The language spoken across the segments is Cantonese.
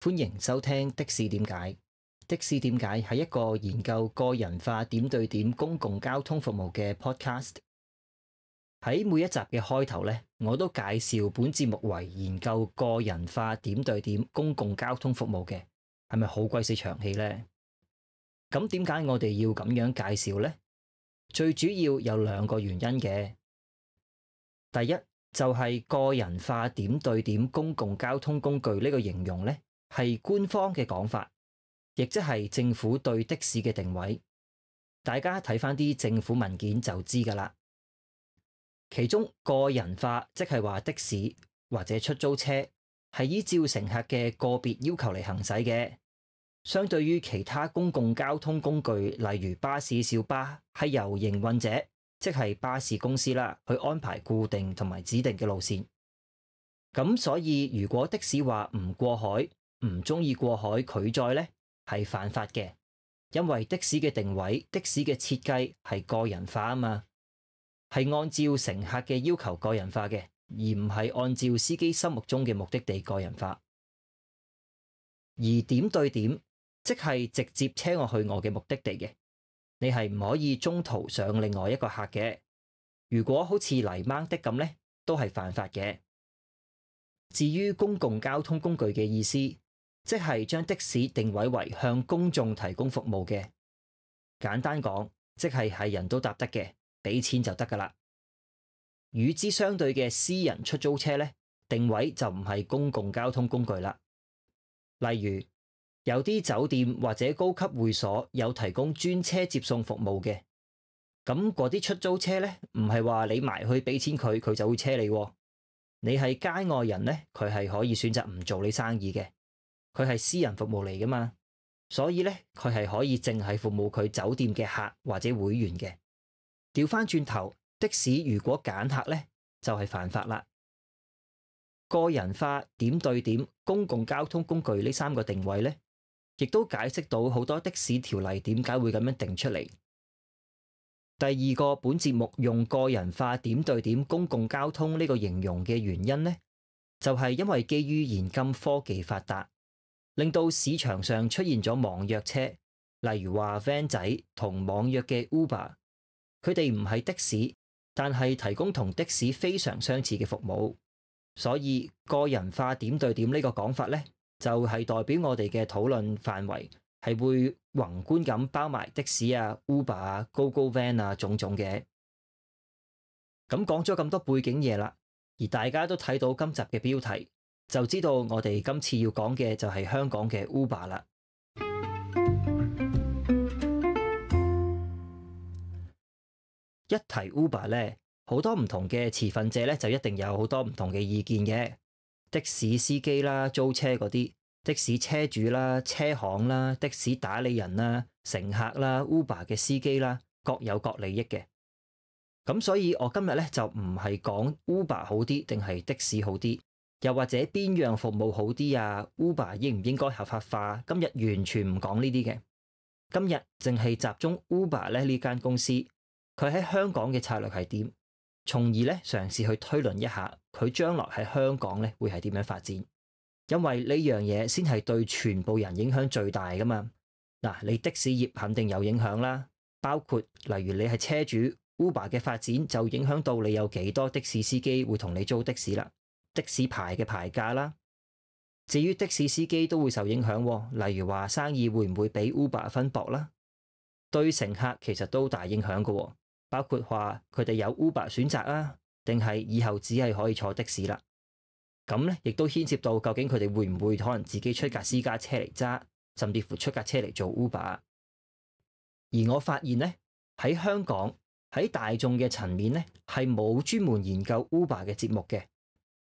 歡迎收聽的士點解？的士點解係一個研究個人化點對點公共交通服務嘅 podcast。喺每一集嘅開頭呢，我都介紹本節目為研究個人化點對點公共交通服務嘅，係咪好鬼死長氣呢？咁點解我哋要咁樣介紹呢？最主要有兩個原因嘅。第一就係個人化點對點公共交通工具呢個形容呢。係官方嘅講法，亦即係政府對的士嘅定位。大家睇翻啲政府文件就知噶啦。其中個人化即係話的士或者出租車係依照乘客嘅個別要求嚟行駛嘅。相對於其他公共交通工具，例如巴士、小巴，係由營運者，即係巴士公司啦，去安排固定同埋指定嘅路線。咁所以如果的士話唔過海。唔鍾意過海拒載呢，係犯法嘅，因為的士嘅定位、的士嘅設計係個人化啊嘛，係按照乘客嘅要求個人化嘅，而唔係按照司機心目中嘅目的地個人化。而點對點，即係直接車我去我嘅目的地嘅，你係唔可以中途上另外一個客嘅。如果好似泥掹的咁呢，都係犯法嘅。至於公共交通工具嘅意思。即係將的士定位為向公眾提供服務嘅，簡單講，即係係人都搭得嘅，俾錢就得㗎啦。與之相對嘅私人出租車呢，定位就唔係公共交通工具啦。例如有啲酒店或者高級會所有提供專車接送服務嘅，咁嗰啲出租車呢，唔係話你埋去俾錢佢，佢就會車你喎。你係街外人呢，佢係可以選擇唔做你生意嘅。佢係私人服務嚟㗎嘛，所以呢，佢係可以淨係服務佢酒店嘅客或者會員嘅。調翻轉頭，的士如果揀客呢，就係犯法啦。個人化點對點公共交通工具呢三個定位呢，亦都解釋到好多的士條例點解會咁樣定出嚟。第二個，本節目用個人化點對點公共交通呢個形容嘅原因呢，就係因為基於現今科技發達。令到市場上出現咗網約車，例如話 van 仔同網約嘅 Uber，佢哋唔係的士，但係提供同的士非常相似嘅服務。所以個人化點對點呢個講法呢，就係代表我哋嘅討論範圍係會宏觀咁包埋的士啊、Uber 啊、GoGoVan 啊種種嘅。咁講咗咁多背景嘢啦，而大家都睇到今集嘅標題。就知道我哋今次要講嘅就係香港嘅 Uber 啦。一提 Uber 呢，好多唔同嘅持份者呢，就一定有好多唔同嘅意見嘅。的士司機啦、租車嗰啲、的士車主啦、車行啦、的士打理人啦、乘客啦、Uber 嘅司機啦，各有各利益嘅。咁所以，我今日呢，就唔係講 Uber 好啲定係的士好啲。又或者邊樣服務好啲啊？Uber 應唔應該合法化啊？今日完全唔講呢啲嘅，今日淨係集中 Uber 咧呢間公司，佢喺香港嘅策略係點，從而咧嘗試去推論一下佢將來喺香港咧會係點樣發展，因為呢樣嘢先係對全部人影響最大噶嘛。嗱，你的士業肯定有影響啦，包括例如你係車主，Uber 嘅發展就影響到你有幾多的士司機會同你租的士啦。的士牌嘅牌價啦，至於的士司機都會受影響，例如話生意會唔會畀 Uber 分薄啦？對乘客其實都大影響嘅，包括話佢哋有 Uber 選擇啊，定係以後只係可以坐的士啦？咁呢亦都牽涉到究竟佢哋會唔會可能自己出架私家車嚟揸，甚至乎出架車嚟做 Uber？而我發現呢，喺香港喺大眾嘅層面呢，係冇專門研究 Uber 嘅節目嘅。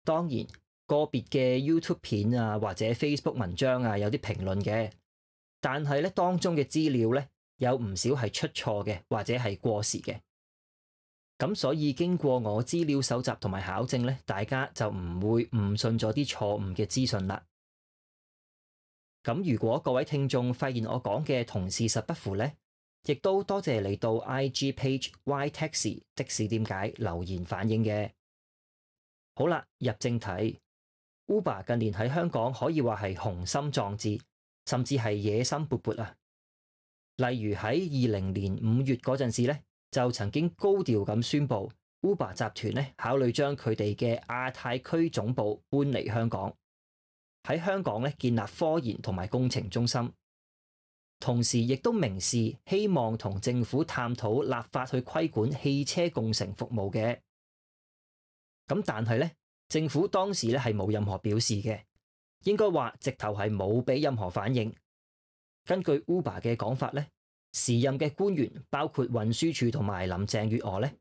當然，個別嘅 YouTube 片啊，或者 Facebook 文章啊，有啲評論嘅，但係咧當中嘅資料咧有唔少係出錯嘅，或者係過時嘅。咁所以經過我資料搜集同埋考證咧，大家就唔會誤信咗啲錯誤嘅資訊啦。咁如果各位聽眾發現我講嘅同事實不符咧，亦都多謝你到 IG page Why Taxi 的士點解留言反映嘅。好啦，入正題。Uber 近年喺香港可以話係雄心壯志，甚至係野心勃勃啊。例如喺二零年五月嗰陣時咧，就曾經高調咁宣布，Uber 集團咧考慮將佢哋嘅亞太區總部搬嚟香港，喺香港咧建立科研同埋工程中心，同時亦都明示希望同政府探討立法去規管汽車共乘服務嘅。咁但係咧，政府當時咧係冇任何表示嘅，應該話直頭係冇俾任何反應。根據 Uber 嘅講法咧，時任嘅官員包括運輸署同埋林鄭月娥咧，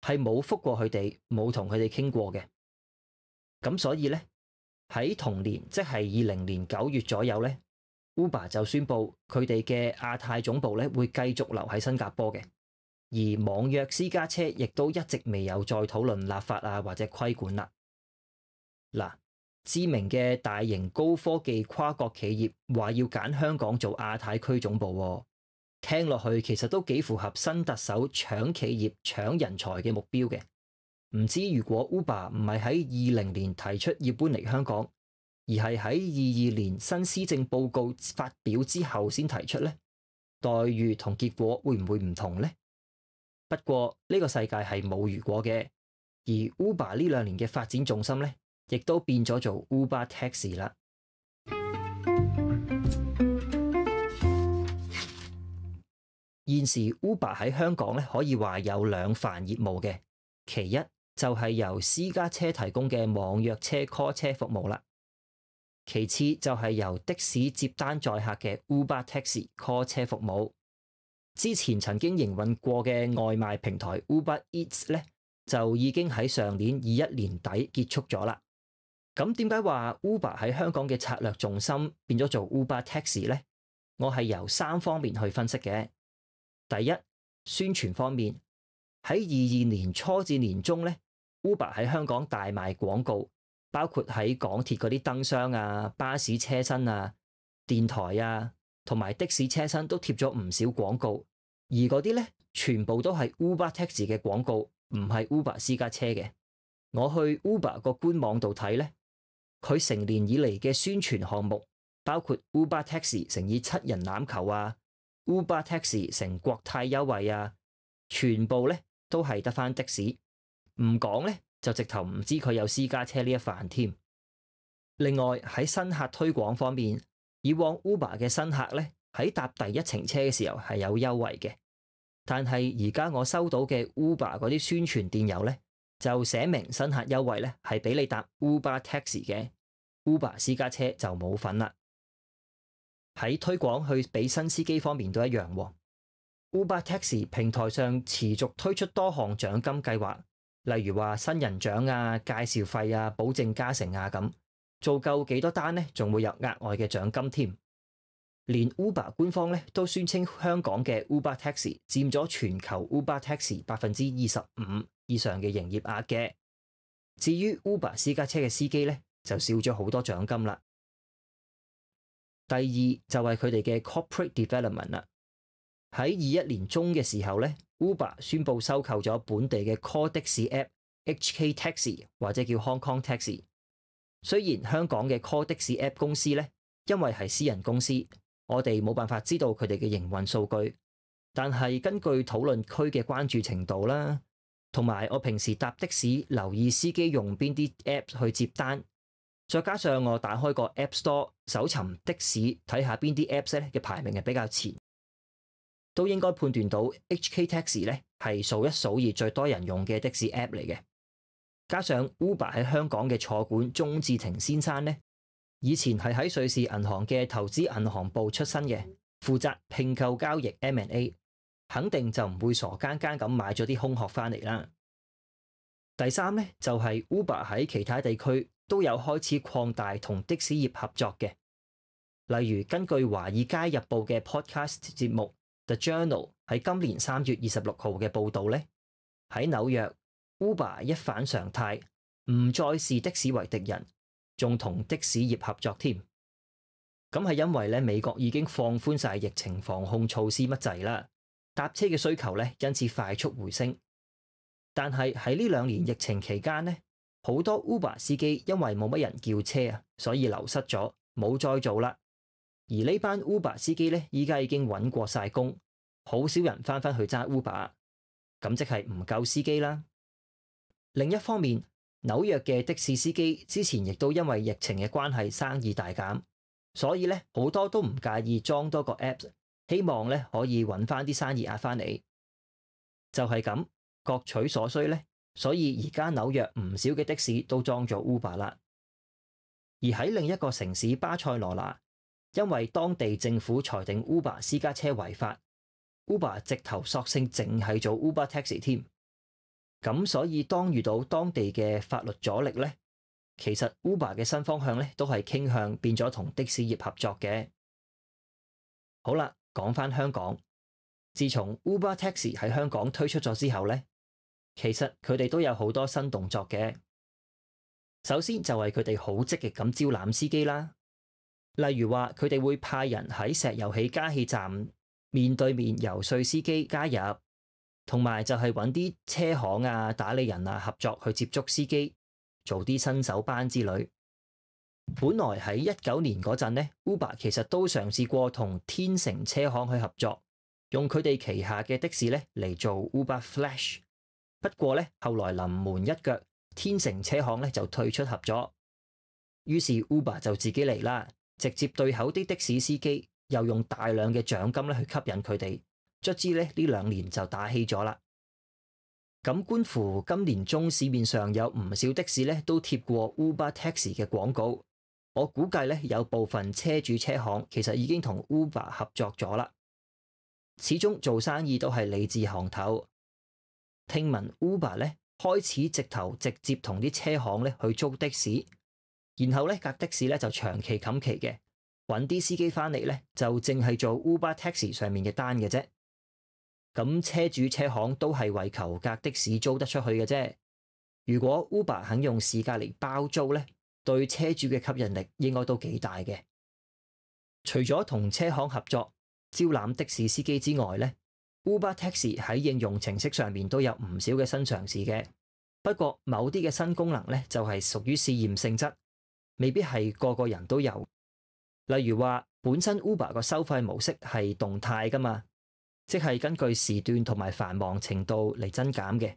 係冇覆過佢哋，冇同佢哋傾過嘅。咁所以咧，喺同年，即係二零年九月左右咧，Uber 就宣布佢哋嘅亞太總部咧會繼續留喺新加坡嘅。而網約私家車亦都一直未有再討論立法啊，或者規管啦。嗱，知名嘅大型高科技跨國企業話要揀香港做亞太區總部，聽落去其實都幾符合新特首搶企業、搶人才嘅目標嘅。唔知如果 Uber 唔係喺二零年提出要搬嚟香港，而係喺二二年新施政報告發表之後先提出呢？待遇同結果會唔會唔同呢？不過呢個世界係冇如果嘅，而 Uber 呢兩年嘅發展重心呢，亦都變咗做 Uber Taxi 啦。現時 Uber 喺香港呢，可以話有兩範業務嘅，其一就係由私家車提供嘅網約車 call 車服務啦，其次就係由的士接單載客嘅 Uber Taxi call 車服務。之前曾經營運過嘅外賣平台 Uber Eats 咧，就已經喺上年二一年底結束咗啦。咁點解話 Uber 喺香港嘅策略重心變咗做 Uber Taxi 呢？我係由三方面去分析嘅。第一，宣傳方面喺二二年初至年中呢 u b e r 喺香港大賣廣告，包括喺港鐵嗰啲燈箱啊、巴士車身啊、電台啊。同埋的士車身都貼咗唔少廣告而，而嗰啲呢，全部都係 Uber Taxi 嘅廣告，唔係 Uber 私家車嘅。我去 Uber 個官網度睇，呢，佢成年以嚟嘅宣傳項目包括 Uber Taxi 乘以七人欖球啊，Uber Taxi 乘國泰優惠啊，全部呢都係得翻的士，唔講呢，就直頭唔知佢有私家車呢一份添。另外喺新客推廣方面，以往 Uber 嘅新客咧，喺搭第一程車嘅時候係有優惠嘅，但係而家我收到嘅 Uber 嗰啲宣傳電郵咧，就寫明新客優惠咧係俾你搭 Uber Taxi 嘅，Uber 私家車就冇份啦。喺推廣去俾新司機方面都一樣。Uber Taxi 平台上持續推出多項獎金計劃，例如話新人獎啊、介紹費啊、保證加成啊咁。做夠幾多單呢？仲會有額外嘅獎金添。連 Uber 官方咧都宣稱香港嘅 Uber Taxi 佔咗全球 Uber Taxi 百分之二十五以上嘅營業額嘅。至於 Uber 私家車嘅司機呢，就少咗好多獎金啦。第二就係佢哋嘅 Corporate Development 啦。喺二一年中嘅時候呢，Uber 宣布收購咗本地嘅 Call 的士 App HK Taxi 或者叫 Hong Kong Taxi。雖然香港嘅 call 的士 app 公司呢，因為係私人公司，我哋冇辦法知道佢哋嘅營運數據，但係根據討論區嘅關注程度啦，同埋我平時搭的士留意司機用邊啲 app 去接單，再加上我打開個 app store 搜尋的士，睇下邊啲 app 咧嘅排名係比較前，都應該判斷到 HK Taxi 咧係數一數二最多人用嘅的、的士 app 嚟嘅。加上 Uber 喺香港嘅坐管鍾志廷先生呢，以前係喺瑞士銀行嘅投資銀行部出身嘅，負責併購交易 M&A，肯定就唔會傻更更咁買咗啲空殼返嚟啦。第三呢，就係 Uber 喺其他地區都有開始擴大同的士業合作嘅，例如根據華爾街日報嘅 Podcast 節目 The Journal 喺今年三月二十六號嘅報道呢，喺紐約。Uber 一反常態，唔再視的士為敵人，仲同的士業合作添。咁係因為咧，美國已經放寬晒疫情防控措施乜滯啦，搭車嘅需求咧因此快速回升。但係喺呢兩年疫情期間呢，好多 Uber 司機因為冇乜人叫車啊，所以流失咗，冇再做啦。而呢班 Uber 司機咧依家已經揾過晒工，好少人翻返去揸 Uber。咁即係唔夠司機啦。另一方面，紐約嘅的,的士司機之前亦都因為疫情嘅關係生意大減，所以咧好多都唔介意裝多個 app，希望咧可以揾翻啲生意壓返你，就係、是、咁各取所需咧。所以而家紐約唔少嘅的,的士都裝咗 Uber 啦。而喺另一個城市巴塞羅那，因為當地政府裁定 Uber 私家車違法，Uber 直頭索性淨係做 Uber Taxi 添。咁所以，當遇到當地嘅法律阻力呢，其實 Uber 嘅新方向呢都係傾向變咗同的士業合作嘅。好啦，講返香港，自從 Uber Taxi 喺香港推出咗之後呢，其實佢哋都有好多新動作嘅。首先就係佢哋好積極咁招攬司機啦，例如話佢哋會派人喺石油氣加氣站面對面游說司機加入。同埋就係揾啲車行啊、打理人啊，合作去接觸司機，做啲新手班之類。本來喺一九年嗰陣呢，Uber 其實都嘗試過同天成車行去合作，用佢哋旗下嘅的士呢嚟做 Uber Flash。不過呢，後來臨門一腳，天成車行呢就退出合作，於是 Uber 就自己嚟啦，直接對口啲的士司機，又用大量嘅獎金咧去吸引佢哋。卒之呢，呢兩年就打氣咗啦。咁觀乎今年中市面上有唔少的士呢都貼過 Uber Taxi 嘅廣告，我估計呢，有部分車主車行其實已經同 Uber 合作咗啦。始終做生意都係利字行頭。聽聞 Uber 呢開始直頭直接同啲車行呢去租的士，然後呢架的士呢就長期冚旗嘅，揾啲司機返嚟呢，就淨係做 Uber Taxi 上面嘅單嘅啫。咁車主車行都係為求架的士租得出去嘅啫。如果 Uber 肯用市價嚟包租呢，對車主嘅吸引力應該都幾大嘅。除咗同車行合作招攬的士司機之外呢，Uber Taxi 喺應用程式上面都有唔少嘅新嘗試嘅。不過某啲嘅新功能呢，就係屬於試驗性質，未必係個個人都有。例如話本身 Uber 個收費模式係動態㗎嘛。即係根據時段同埋繁忙程度嚟增減嘅。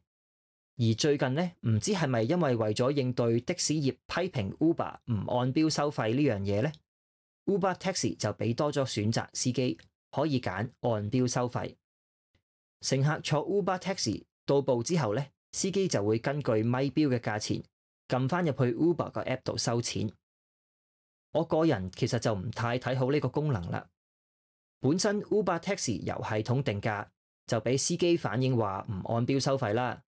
而最近呢，唔知係咪因為為咗應對的士業批評 Uber 唔按標收費呢樣嘢呢？Uber Taxi 就俾多咗選擇，司機可以揀按標收費。乘客坐 Uber Taxi 到步之後呢，司機就會根據咪表嘅價錢撳返入去 Uber 個 App 度收錢。我個人其實就唔太睇好呢個功能啦。本身 Uber Taxi 由系統定價，就俾司機反映話唔按標收費啦。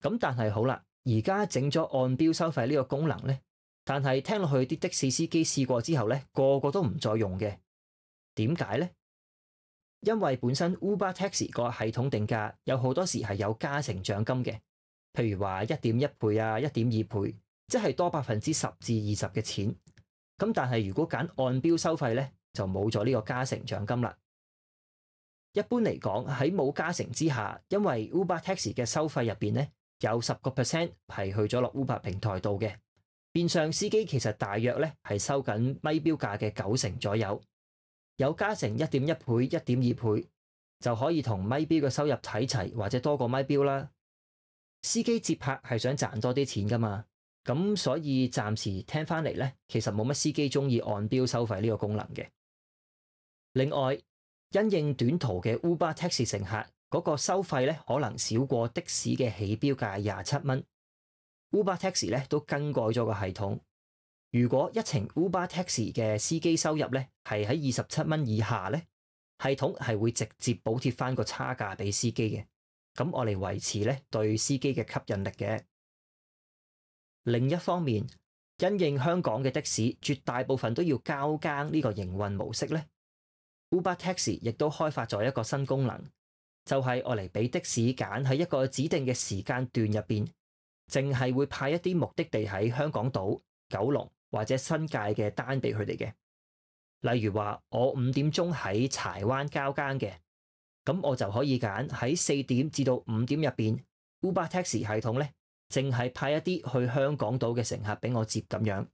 咁但係好啦，而家整咗按標收費呢個功能呢。但係聽落去啲的、的士司機試過之後呢，個個都唔再用嘅。點解呢？因為本身 Uber Taxi 個系統定價有好多時係有加成獎金嘅，譬如話一點一倍啊、一點二倍，即係多百分之十至二十嘅錢。咁但係如果揀按標收費呢？就冇咗呢個加成獎金啦。一般嚟講，喺冇加成之下，因為 Uber Taxi 嘅收費入邊呢，有十個 percent 係去咗落 Uber 平台度嘅，變相司機其實大約呢係收緊咪標價嘅九成左右。有加成一點一倍、一點二倍就可以同咪標嘅收入睇齊或者多過咪標啦。司機接客係想賺多啲錢噶嘛，咁所以暫時聽返嚟呢，其實冇乜司機鍾意按標收費呢個功能嘅。另外，因應短途嘅 Uber Taxi 乘客嗰個收費咧，可能少過的士嘅起標價廿七蚊，Uber Taxi 咧都更改咗個系統。如果一程 Uber Taxi 嘅司機收入咧係喺二十七蚊以下咧，系統係會直接補貼翻個差價俾司機嘅，咁我嚟維持咧對司機嘅吸引力嘅。另一方面，因應香港嘅的士絕大部分都要交更呢個營運模式咧。Uber Taxi 亦都開發咗一個新功能，就係我嚟俾的士揀喺一個指定嘅時間段入邊，淨係會派一啲目的地喺香港島、九龍或者新界嘅單俾佢哋嘅。例如話，我五點鐘喺柴灣交間嘅，咁我就可以揀喺四點至到五點入邊，Uber Taxi 系統咧，淨係派一啲去香港島嘅乘客俾我接咁樣。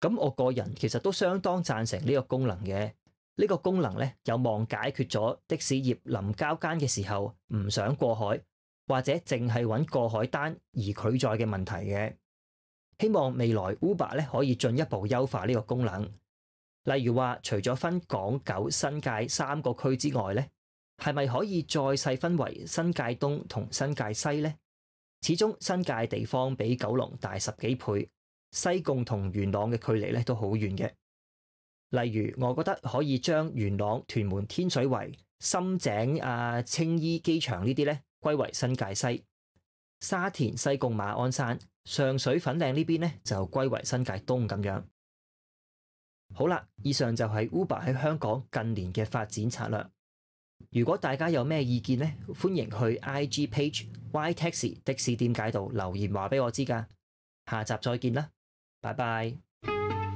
咁我個人其實都相當贊成呢個功能嘅。呢個功能咧，有望解決咗的士業臨交關嘅時候唔想過海，或者淨係揾過海單而拒載嘅問題嘅。希望未來 Uber 咧，可以進一步優化呢個功能，例如話除咗分港九新界三個區之外咧，係咪可以再細分為新界東同新界西呢？始終新界地方比九龍大十幾倍，西貢同元朗嘅距離咧，都好遠嘅。例如，我覺得可以將元朗、屯門、天水圍、深井、啊青衣機場呢啲呢歸為新界西；沙田、西貢、馬鞍山、上水、粉嶺呢邊呢就歸為新界東咁樣。好啦，以上就係 Uber 喺香港近年嘅發展策略。如果大家有咩意見呢，歡迎去 IG page Why Taxi 的士點解度留言話俾我知㗎。下集再見啦，拜拜。